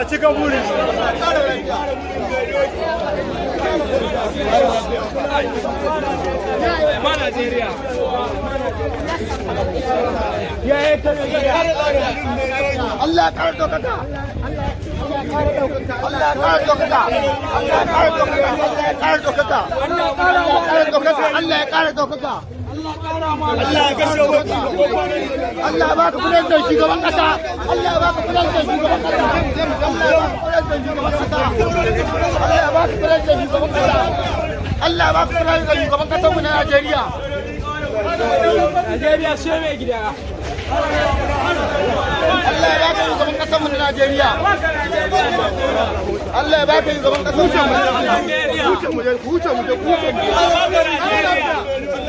Allah cika burin ma Najeriya ya yi Allah ya kare dokata Allah Allah Allah Allah Allah ya kashe baki Allah ya baka kudin da shugaban kasa Allah ya baka kudin da shugaban kasa Allah ya baka kudin da shugaban kasa Allah ya baka kudin da shugaban kasa Allah ya baka kudin da shugaban kasa mu na Najeriya Najeriya sai mai gida Allah ya baka shugaban kasa mu na Najeriya Allah ya baka shugaban kasa mu na Najeriya kasa mu je huce mu shugaban kasa mu Najeriya.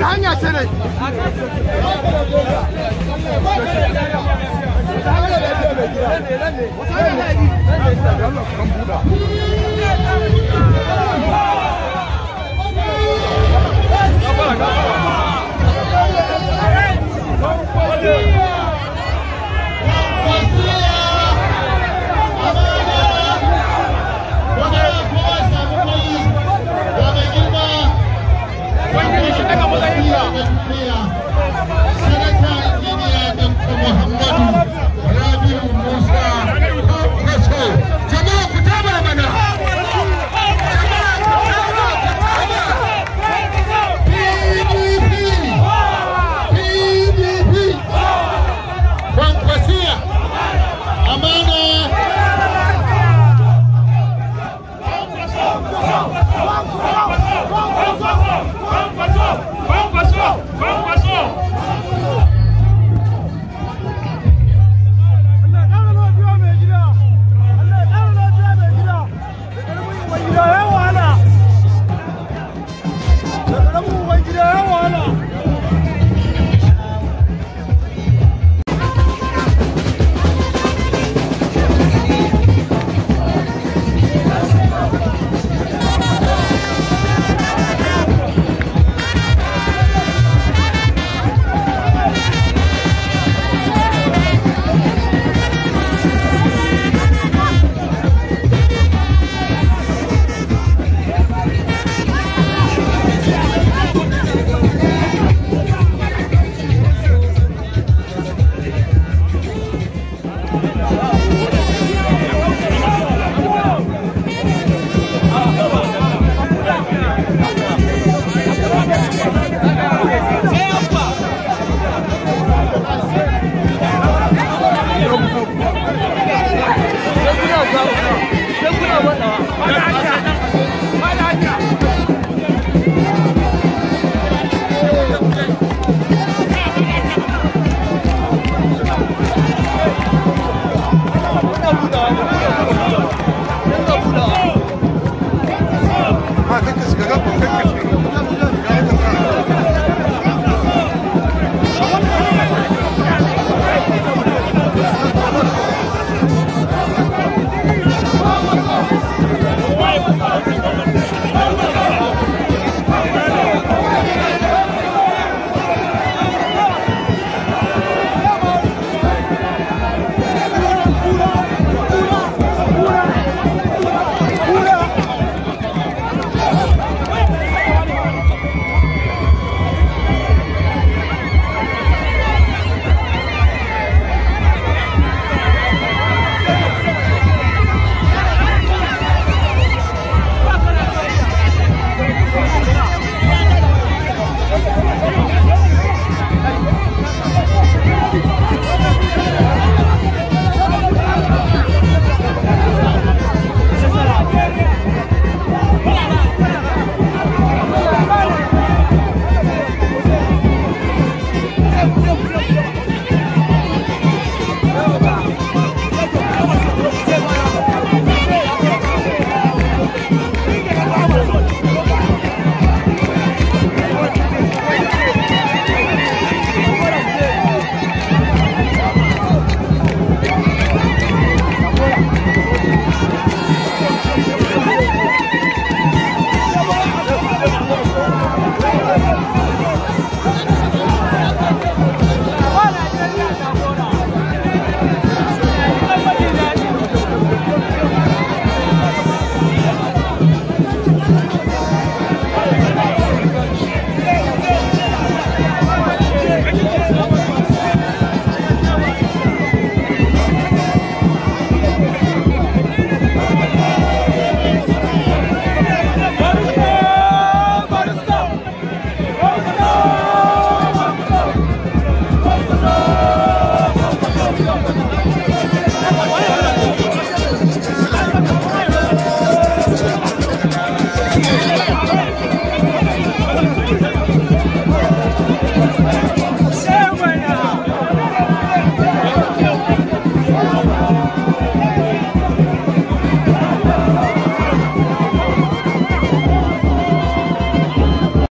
wata hanya ce ne wata hanya ne Thank you.